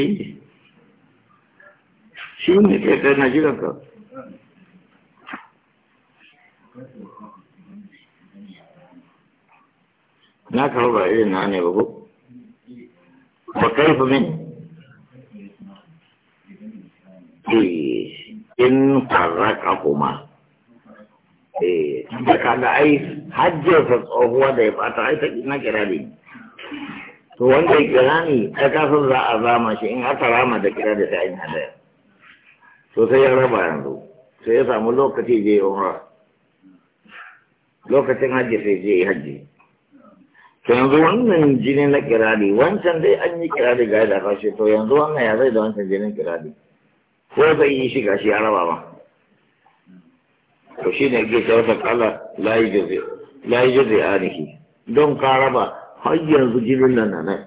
eh shi ne kai kai na jiran ka na karo ba irin na ne ba ko ba kai fa min eh, in farraka kuma eh da kaga ai hajjar tsohuwa da ya fata ai ta ina kira ne to wanda ya kira ni ka san za a zama shi in aka rama da kira da a hadaya to sai ya raba yanzu sai ya samu lokaci je umra lokacin hajji sai je hajji to yanzu wannan jini na kirari wancan dai an yi kirari ga da fashe to yanzu wannan ya zai da wancan jinin kirari ko zai yi shiga shi ya raba ba to shi ne ke kyauta wata kala layi jirgin layi jirgin arihi don ka raba هيا يجيب لنا نعم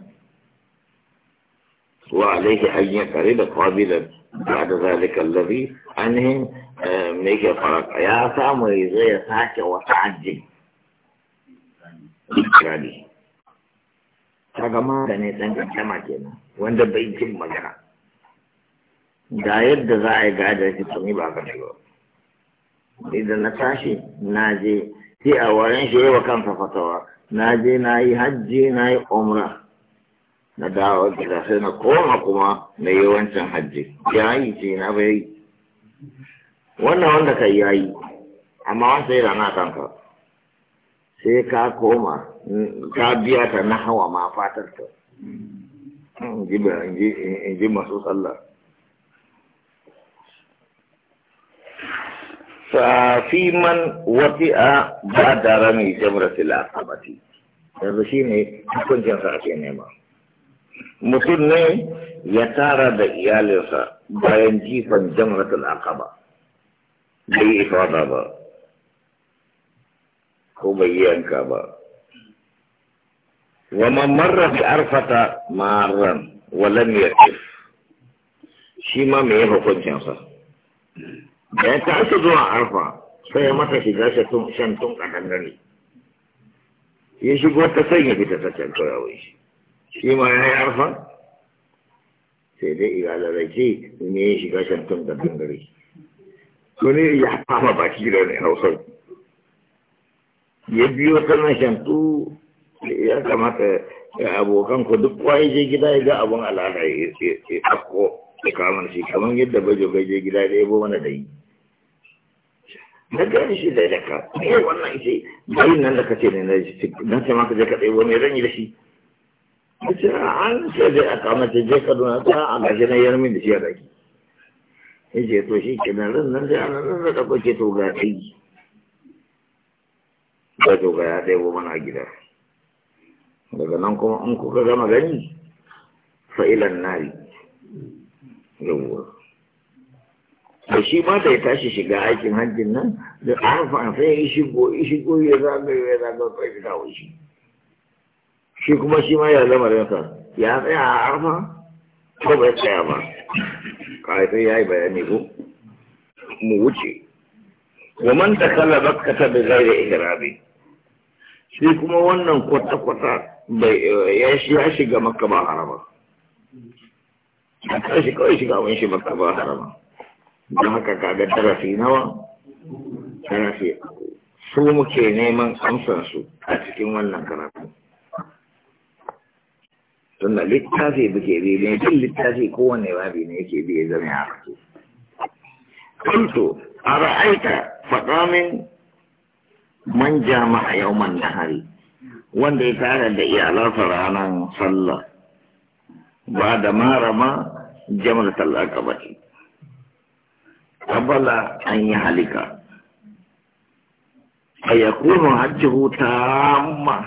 وعليه أن يقرب قابلا بعد ذلك الذي عنهم آه، ميكي فرق يا سام ويزي ساكي وتعجل يعني هذا ما كان يتنقى كما كنا وانده بيجي مجرى دائر دزائي قاعدة كتنقى باقر شو إذا نتاشي ناجي في أولين شو وكان ففتوك na je na yi hajji na yi umra na dawo gida sai na koma kuma na yi wancan hajji ya yi ce na bai wannan wanda ka ya yi amma wanda yana na kanka sai ka koma ka biya ta na hawa ma fatar in ji masu sallah ففي من وطئ بعد رمي جمرة العقبة هذا شيء يكون جمع في نعمة مثلنا يتارى بإيالها بين جيفا جمرة العقبة بي إفادة با خبيان كابا وما مر في عرفة مارا ولم يكف شيء ما ميه هو كنت جمع da ya tashi zuwa arfa sai ya mata shiga shan tun a dangane ya shigo ta sanya fita ta can kawai shi shi ma ya yi arfa sai dai iyalarake ne ya shiga shan tun a dangane to ne ya fama baki da ne hausar ya biyo sanar shantu ya kamata abokan ku duk kwaye je gida ya ga abun al'ada ya afko da kamar shi kamar yadda bajo bai je gida da ya bo mana da yi na gani shi da daga eh wannan shi bayin nan da kace ne na shi dan sai maka je ka dai wani ranyi da shi kace an sai da aka ce, je ka don ta a gashi na yarmin da shi a daki ce to shi nan ran nan da nan da ka ce to ga ɗai ba to ga dai wa mana gida daga nan kuma in kuka gama gani fa'ilan nari yawwa da shi ma da ya tashi shiga aikin hajjin nan da a sai ya shigo ya shigo ya zagaye ya zagaye kai da wuce shi kuma shi ma ya zama rinsa ya tsaya a arfa ko bai tsaya ba kai sai yi bayani ko mu wuce wa man dakala bakkata bi ghairi ihrabi shi kuma wannan kwata kwata bai ya shiga makka ba harama ya shi kawai shiga wani shi makka ba harama da haka kaga darasi nawa darasi su muke neman amsansu a cikin wannan karatu tun da littafi buke bi ne tun littafi kowane babi ne yake bi ya zama ya kasu kuntu a ra'aita faɗamin man jama'a yawman nahari wanda ya tara da iyalansa ranar sallah ba da marama jamar talaka ba ce قبل أن يهلك فيكون حجه تاما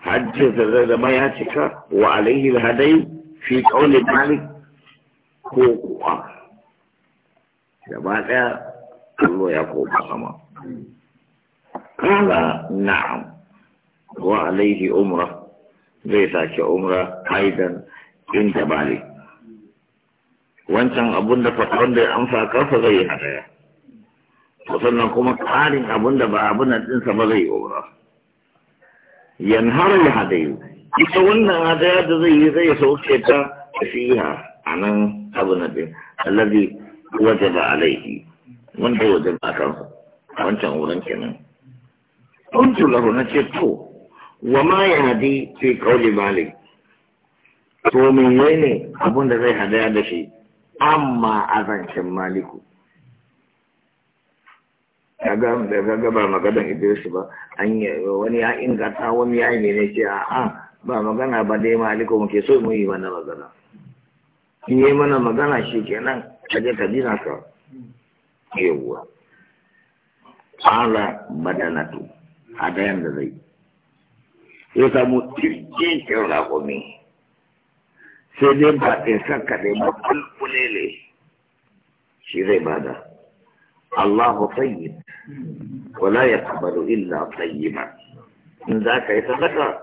حج زي ما يهلك وعليه الهدي في قول مالك كوكوا جماعة الله يقول سما قال نعم وعليه عمره ليس عمره أيضا انت مالك wancan abun da fatawan da ya amsa karfa zai yi hadaya sannan kuma ƙarin abun da ba abun na ɗinsa ba zai yi Yan yanhar ya hadayu ita wannan hadaya da zai yi zai sauke ta fiha a nan abu na ɗin allazi wajaba alaihi wanda wajaba a kansa wancan wurin kenan na Wa ma ya وما يهدي في ba ne. to menene abun da zai hadaya da shi amma a zancen maliku daga gabar magadan idris ba an wani ya ingata wani ya yi ne ce a ba magana ba dai maliku muke so mu yi mana magana in yi mana magana shi kenan kaje ka jina ka yawwa ala badanatu hadayan da zai ya samu tirkin kyau rakumi sai dai ba ɗinsan kaɗai ba ne shi zai bada Allahu tayyib wala ya kabaru illa tayyiba in za ka yi sadaka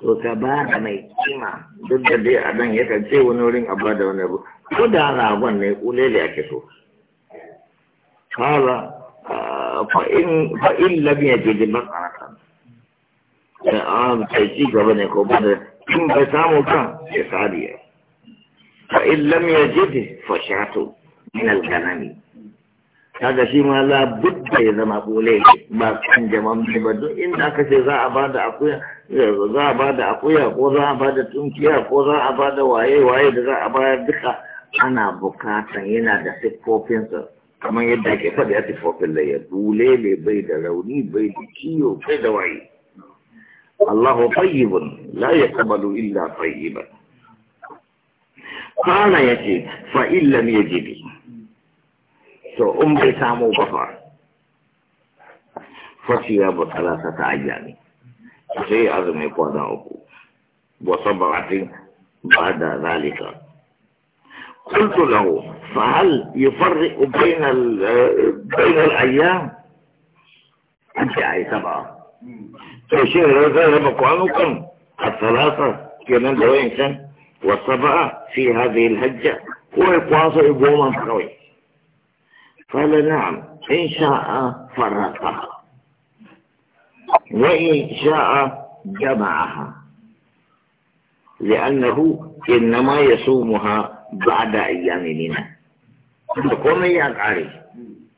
to ka ba da mai kima duk da dai a nan yakan ce wani wurin a ba da wani abu ko da ragon ne kulele ke so kala fa'in lam yajid masaratan sai an kai ci gaba ne ko ba da in bai samu kan ya sariya فإن لم يجده فشاة من الغنم هذا شيء ما لا بد إذا ما قوليه ما كان جمام بدو إن أكسي ذا أبادا أقويا ذا أبادا أقويا قوضا أبادا تنكيا قوضا أبادا وايه وايه ذا أبادا دقا أنا بكاتا هنا دا سفوفين kamar yadda ake faɗi a tafafin da ya dole ne bai da rauni bai da ciwo bai da waye Allahu tayyibun la yaqbalu illa tayyiban قال يجد فإن لم يجد سو أم بسامو بفر فسياب ثلاثة أيام سي أزمي قوانا أكو وصبرة بعد ذلك قلت له فهل يفرق بين بين الأيام أنت أي سبعة فشيء رزق ربك وعنكم الثلاثة كمان دوين إنسان وصبأ في هذه الهجة ويقواصل يقوم قوي قال نعم إن شاء فرقها وإن شاء جمعها لأنه إنما يصومها بعد أيام لنا قوم يا عليه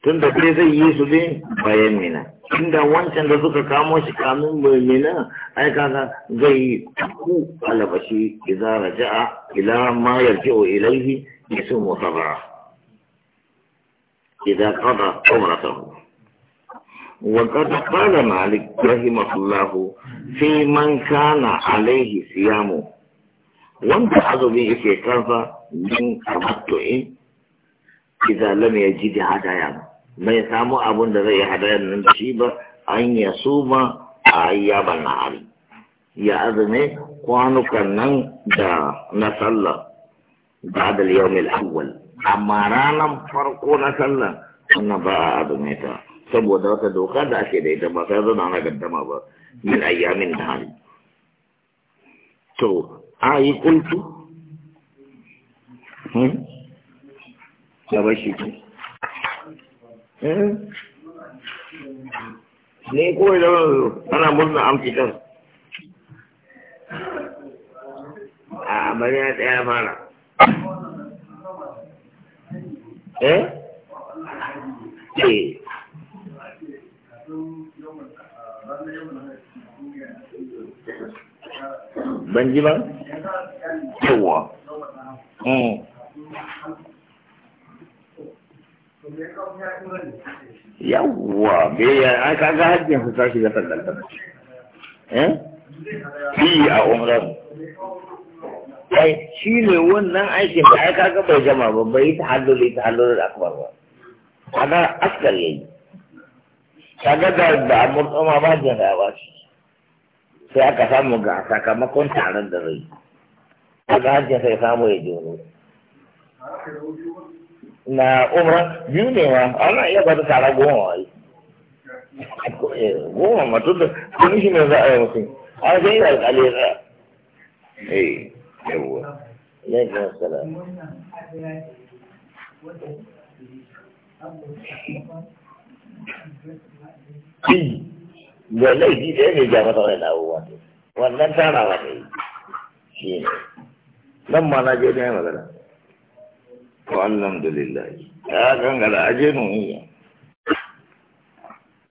tun da kai zai yi su ne bayan mina inda wancan da suka kamo shi kamun mai mina ai kaga zai yi ku alabashi idza raja'a ila ma yarji'u ilayhi yasu musaba idza qada umratahu wa na qala malik rahimahullahu fi man kana alayhi siyamu wanda azumi yake kafa min abattu'in ya ji yajid hadaya bai samu abun da zai hadayar nan da shi ba an yi suma a ayyaban nahari ya azume kwanukan nan da na sallah ba da yawmil awwal amma ranar farko na sallah wannan ba a azume ta saboda wata doka da ake da ita ba sai zana na gaddama ba min ayyamin nahari to a yi kuntu hmm? Ya bashi ne kawai da ana murna amci kan a bari na ɗaya fara eh eh ban ji ba yawa mm biyayya an kaga hajjin su ta shiga sallar eh fi a umran ai shi ne wannan aikin da ai kaga bai jama ba bai ta halloli ta halloli da akbar ba kaga askar yayi kaga da da murtsama ba jin da ba shi sai aka samu ga sakamakon taron da zai kaga hajjin sai samu ya jono na umra, biyu ne ma ana iya ba ta tara goma wai ce goma matu da kun shi ne za a yi mutum a zai yi alƙali za yi. Eh, yawwa ya ga sala Ki, da laifi ɗaya ne ja mata wani abubuwa wannan tarawa ne shi ne nan ma na je da ya magana to alhamdulillah ya gangara aje mun yi